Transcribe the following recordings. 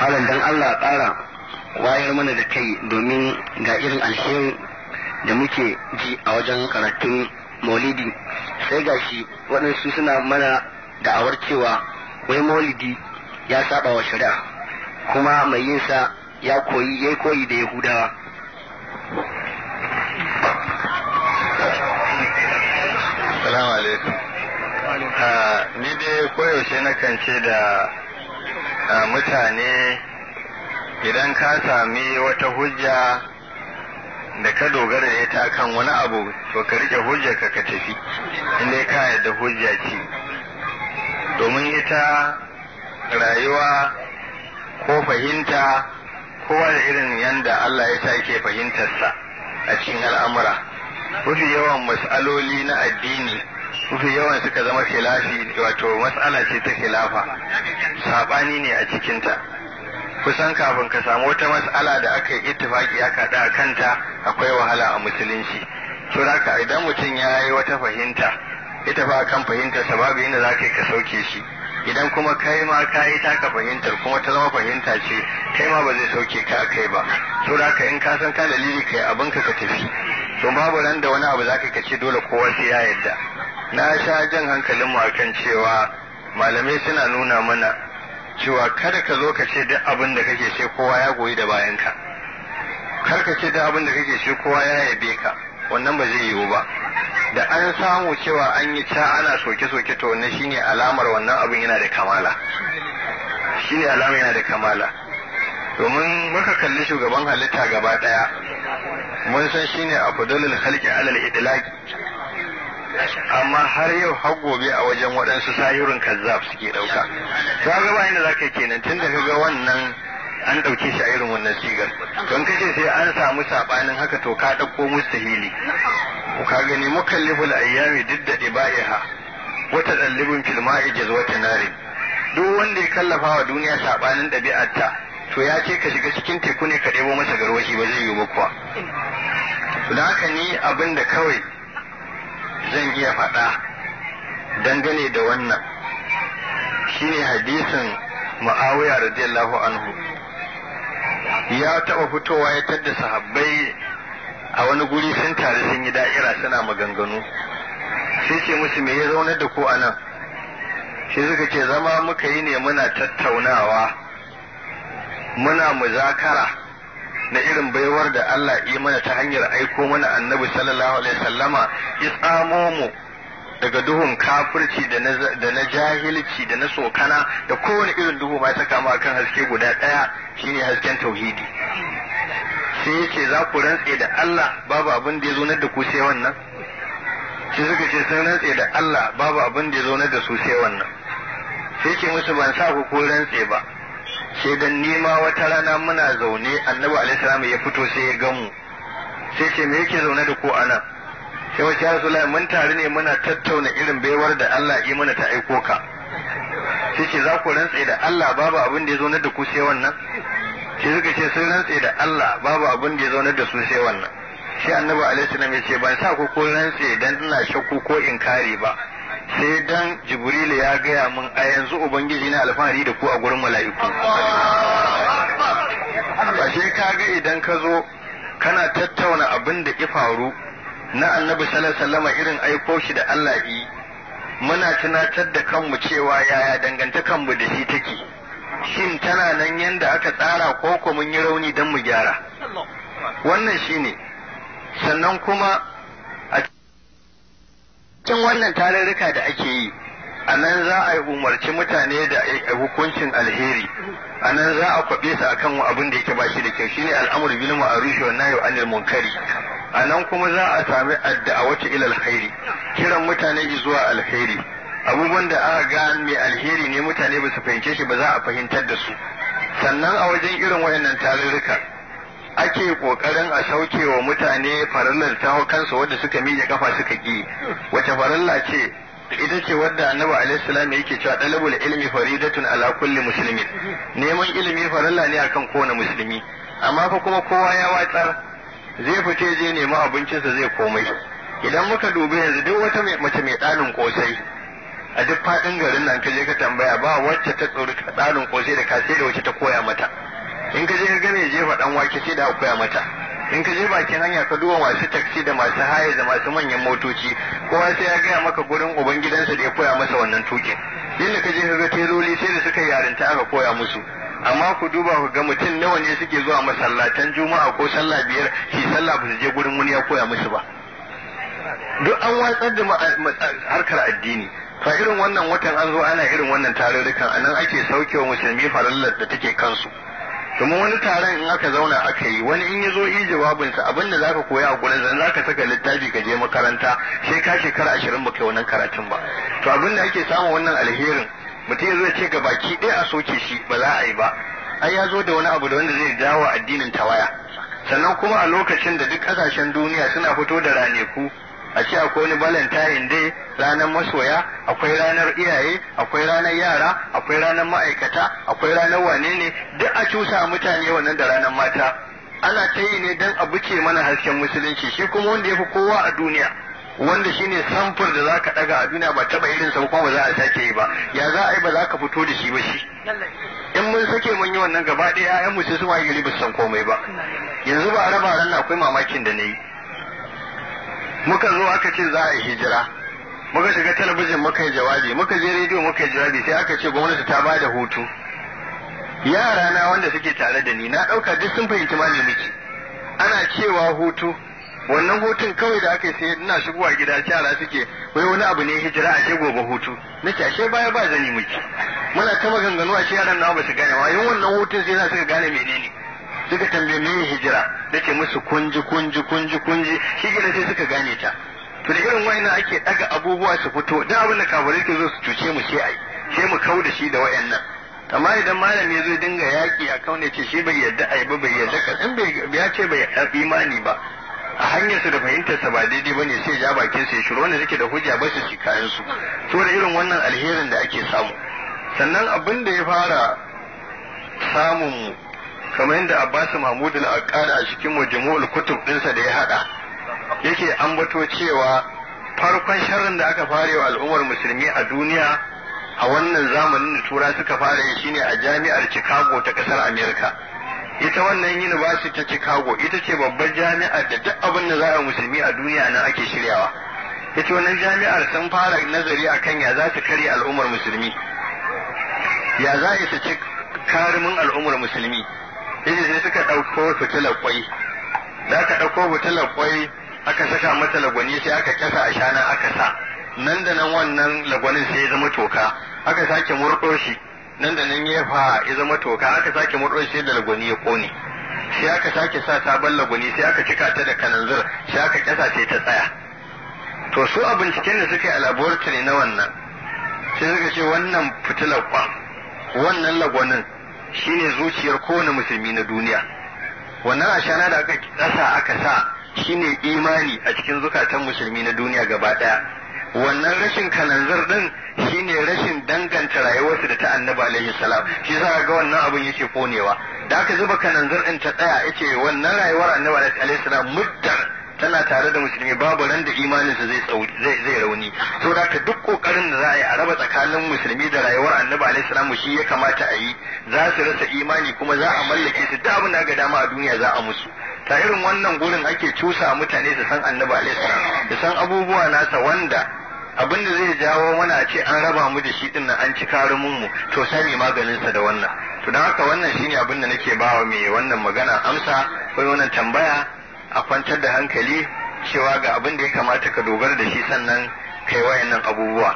Alan dan Allah ƙara wayar mana da kai domin ga irin alherin da muke ji a wajen karatun maulidi sai gashi waɗansu suna mana da'awar cewa wai maulidi ya saba wa shari'a kuma mai yinsa ya koyi ya koyi da yahudawa salamu alaikum ah, ni dai koyaushe na kan da A mutane idan ka sami wata hujja da ka dogara da ita kan wani abu to ka rike hujjar ka ka tafi inda ka yarda hujja ce domin ita rayuwa ko fahimta kowa da irin yanda Allah ya sa ke fahimtarsa a cikin al'amura mafi yawan mas'aloli na addini mafi yawan suka zama khilafi wato matsala ce ta khilafa sabani ne a cikinta kusan kafin ka samu wata matsala da aka yi ittifaki aka da kanta akwai wahala a musulunci to haka idan mutum ya yi wata fahimta ita fa kan fahimta sa babu inda za ka yi ka sauke shi idan kuma kai ma ka yi taka fahimtar kuma ta zama fahimta ce kai ma ba zai sauke ka kai ba to haka in ka san ka dalili kai abin ka tafi to babu ran da wani abu za ka ce dole kowa sai ya yarda na sha jan hankalinmu a kan cewa malamai suna nuna mana cewa kada ka zo ka ce duk abin da kake ce kowa ya goyi da bayanka kar ka ce duk abin da kake ce kowa ya yabe ka wannan ba zai yiwu ba da an samu cewa an yi ca ana soke-soke to wannan shine alamar wannan abin yana da kamala shine alamar yana da kamala domin muka kalli shugaban halitta gaba daya mun san shine afdalul khalqi alal idlaq amma har yau har gobe a wajen waɗansu sahirin kazzab suke ɗauka to ga ba inda zaka kenan tun da ga wannan an ɗauke shi a irin wannan sigar don kace sai an samu sabanin haka to ka ɗauko mustahili ka gani mukalliful ayyami didda ibaiha wata ɗallibin filma'i jazwata nari duk wanda ya kallafa wa duniya sabanin ɗabi'arta to ya ce ka shiga cikin teku ne ka ɗebo masa garwashi ba zai yiwu ba kuwa. Da haka ni abin kawai zan iya faɗa dangane da wannan Shi shine hadisin ma'awiya radiyallahu anhu ya taɓa fitowa ya tadda sahabbai a wani guri sun tare sun yi da'ira suna maganganu sai ce musu me ya zaunar da ku anan Shi suka ce zama muka yi ne muna tattaunawa muna muzakara na irin baiwar da Allah ya mana ta hanyar aiko mana annabi sallallahu alaihi sallama ya mu daga duhun kafirci da na jahilci da na tsokana da kowane irin duhu ma saka mu akan haske guda ɗaya shine hasken tauhidi sai ya ce za ku rantse da Allah babu abin da ya zo da ku sai wannan sai suka ce sun rantse da Allah babu abin da ya zo da su sai wannan sai ce musu ban sa ku ko rantse ba sai dan nima wata rana muna zaune annabi alaihi ya fito sai ya gamu sai ce me yake zaune da ku ana sai wace ya zula mun tare ne muna tattauna irin baiwar da Allah yi mana ta aiko ka sai ce za ku rantse da Allah babu abin da ya zaune da ku sai wannan sai suka ce sun rantse da Allah babu abin da ya zaune da su sai wannan sai annabi alaihi ya ce ban sa ku ko rantse dan ina shakku ko inkari ba sai dan jibril ya gaya min a yanzu ubangiji na alfahari da ku a gurin mala'iku ashe ga idan ka zo kana tattauna abin da ya faru na annabi sallallahu alaihi irin aiko shi da Allah yi muna tunatar da kanmu cewa yaya kanmu da shi take shin tana nan yanda aka tsara ko ko mun yi rauni don mu gyara wannan shine sannan kuma cikin wannan tarurruka da ake yi a nan za a umarci mutane da hukuncin alheri a nan za a kwabe su akan abin da yake bashi da kyau shine al'amur bil ma'ruf wa nahy anil munkari a nan kuma za a sami addu'a ila alheri kiran mutane zuwa alheri abubuwan da aka ga mai alheri ne mutane ba su fahimce shi ba za a fahimtar da su sannan a wajen irin wayannan tarurruka ake kokarin a sauke wa mutane farallar ta kansu wadda suka miƙe kafa suka ki wace faralla ce ita ce wadda annabi alaihi salam yake cewa dalabul ilmi faridatun ala kulli muslimin neman ilimi faralla ne akan kowane musulmi amma fa kuma kowa ya watsar zai fice je nema abincinsa zai komai idan muka dubi yanzu duk wata mace mai ɗanin kosai a duk faɗin garin nan ka je ka tambaya ba wacce ta tsori ɗanin kosai da kasai da wacce ta koya mata in ka je ka gane jefa dan wake sai da akwai mata in ka je bakin hanya ka duba masu taksi da masu haye da masu manyan motoci kowa sai ya gaya maka gurin gidansa da ya koya masa wannan tukin yadda ka je ka ga teloli sai da suka yarinta aka koya musu amma ku duba ku ga mutum nawa ne suke zuwa masallatan juma'a ko sallah biyar shi sallah ba su je gurin wani ya koya musu ba duk an watsar da harkar addini fa irin wannan watan an zo ana irin wannan tarurrukan anan ake wa musulmi farallar da take kansu kuma wani taron in aka zauna aka yi wani in ya zo yi jawabinsa sa za zaka koya a gurin zan zaka saka littafi ka je makaranta sai ka shekara ashirin ba kai wannan karatun ba to abin da ake samun wannan alherin mutum ya zo ce ga baki ɗaya a soke shi ba za a yi ba ai ya zo da wani abu da wanda zai dawo addinin tawaya sannan kuma a lokacin da duk ƙasashen duniya suna fito da raneku a ce akwai wani valentine day ranar masoya akwai ranar iyaye akwai ranar yara akwai ranar ma'aikata akwai ranar wane ne duk a cusa mutane wannan da ranar mata ana ta yi ne don a buce mana hasken musulunci shi kuma wanda ya fi kowa a duniya wanda shine samfur da zaka daga a duniya ba taba irin sa kuma ba za a sake yi ba ya za a yi ba za ka fito da shi ba shi in mun sake mun yi wannan gaba ɗaya 'yan mu sai su ma yi ba san komai ba yanzu ba raba ran akwai mamakin da na yi muka zo aka ce za a yi hijira muka shiga talabijin muka yi jawabi muka je rediyo muka yi jawabi sai aka ce gwamnati ta bada hutu yara na wanda suke tare da ni na ɗauka duk sun fahimci ma ne miki ana cewa hutu wannan hutun kawai da aka yi sai ina shigowa gida yara suke wai wani abu ne hijira ake gobe hutu ce ashe baya ba zani miki muna ta maganganu a yaran na ba su gane wa yin wannan hutun sai za su gane menene suka tambaye me hijira nake musu kunji kunji kunji kunji shi sai suka gane ta to da irin wayannan ake daga abubuwa su fito da abin da kafirai ke zo su cuce mu sai ai sai mu kau da shi da wayannan amma idan malami ya zo dinga yaki a kaune ce shi bai yarda ai ba bai yarda ka in bai ya ce bai imani ba a hanyar su da fahimtar sa ba daidai bane sai ya bakin sa ya shiru wanda da hujja ba su kayan su to da irin wannan alherin da ake samu sannan abin da ya fara samun mu kamar yadda Abbas Mahmud al-Aqada a cikin Majmu'ul Kutub dinsa da ya hada yake ambato cewa farkon sharrin da aka fare wa al'ummar musulmi a duniya a wannan zamanin da tura suka fara yi shine a jami'ar Chicago ta kasar America ita wannan university ta Chicago ita ce babbar jami'ar da duk abin da za a musulmi a duniya nan ake shiryawa ita wannan jami'ar sun fara nazari akan ya za ta karya al'ummar musulmi ya za ta ci karimin al'ummar musulmi shine sai suka ɗauko fitilar kwai da aka ɗauko fitilar kwai aka saka mata lagwani sai aka kasa a shana aka sa nan da nan wannan lagwanin sai ya zama toka aka sake murɗo shi nan da nan ya fa ya zama toka aka sake murɗo shi da lagwani ya kone sai aka sake sa sabon lagwani sai aka cika ta da kananzir sai aka kasa sai ta tsaya to su a binciken da suka yi a laboratory na wannan sai suka ce wannan fitilar kwan wannan lagwanin shine zuciyar kowane musulmi na duniya wannan ashana da aka kasa aka sa shine imani a cikin zukatan musulmi na duniya gaba ɗaya wannan rashin kananzar din shine rashin danganta rayuwarsu da ta annabi alaihi salam shi za ga wannan abin yake konewa da aka zuba kananzar ɗin ta tsaya yake wannan rayuwar annaba alaihi salam muddan tana tare da musulmi babu ran da imaninsa zai zai rauni to da duk kokarin da za a yi a raba tsakanin musulmi da rayuwar annabi alaihi salamu shi ya kamata a yi za su rasa imani kuma za a mallake su duk abin ga dama a duniya za a musu ta irin wannan gurin ake cusa mutane su san annabi alaihi salam su san abubuwa nasa wanda abin da zai jawo mana a ce an raba mu da shi din nan an ci karumin mu to maganin maganinsa da wannan to dan haka wannan shine abin da nake bawa mai wannan magana amsa ko wannan tambaya a kwantar da hankali cewa ga abin da ya kamata ka dogara da shi sannan kai wayannan abubuwa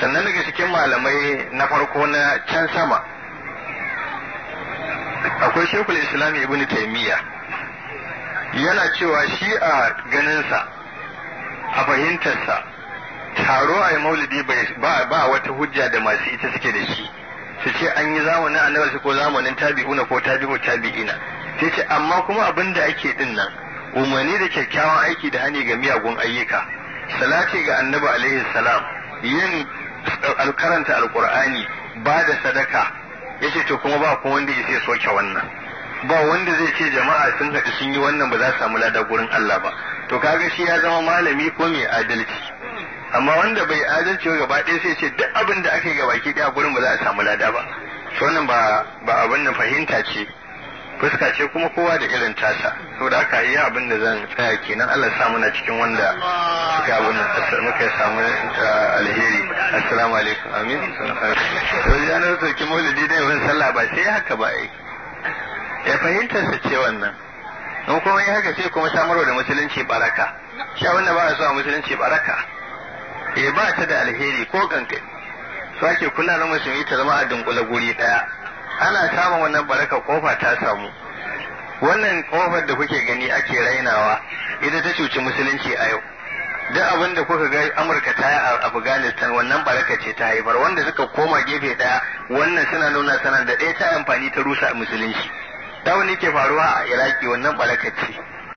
sannan daga cikin malamai na farko na can sama akwai shekul islam ibn taimiyya yana cewa shi a ganinsa a fahimtarsa taro a maulidi ba, ba wata hujja da masu ita suke da shi su ce an yi zamanin annabi ko zamanin tabi'una ko tabi'u tabi'ina sai ce amma kuma abin da ake din nan umarni da kyakkyawan aiki da hani ga miyagun ayyuka salati ga annabi alaihi salam yin alkaranta alqur'ani ba da sadaka yace to kuma ba kuma wanda yake soke wannan ba wanda zai ce jama'a sun haɗu sun yi wannan ba za su samu lada gurin Allah ba to kaga shi ya zama malami ko mai adalci amma wanda bai adalci gaba ɗaya sai ce duk abin da aka yi gabaki ɗaya gurin ba za a samu lada ba wannan ba ba abin da fahimta ce fuska ce kuma kowa da irin tasa saboda aka yi abin da zan tsaya kenan Allah sa muna cikin wanda suka abin muka samu ah, alheri assalamu alaikum amin ranar sauki maulidi dai wani sallah ba sai haka ba ai ya fahimtar sa ce wannan in kuma yi haka sai kuma samarwa da musulunci baraka sha wanda ba a zuwa a musulunci baraka eh ba ta da alheri ko kankani ake kula na musulmi ta zama a dunkule guri daya ana samun wannan baraka kofa ta samu wannan kofar da kuke gani ake rainawa idan ta cuci musulunci a yau duk abin da kuka ga amurka ta yi a afghanistan wannan baraka ce ta haifar wanda suka koma gefe daya wannan suna nuna sanar da ɗaya ta amfani ta rusa musulunci ta wani ke faruwa a iraki wannan baraka ce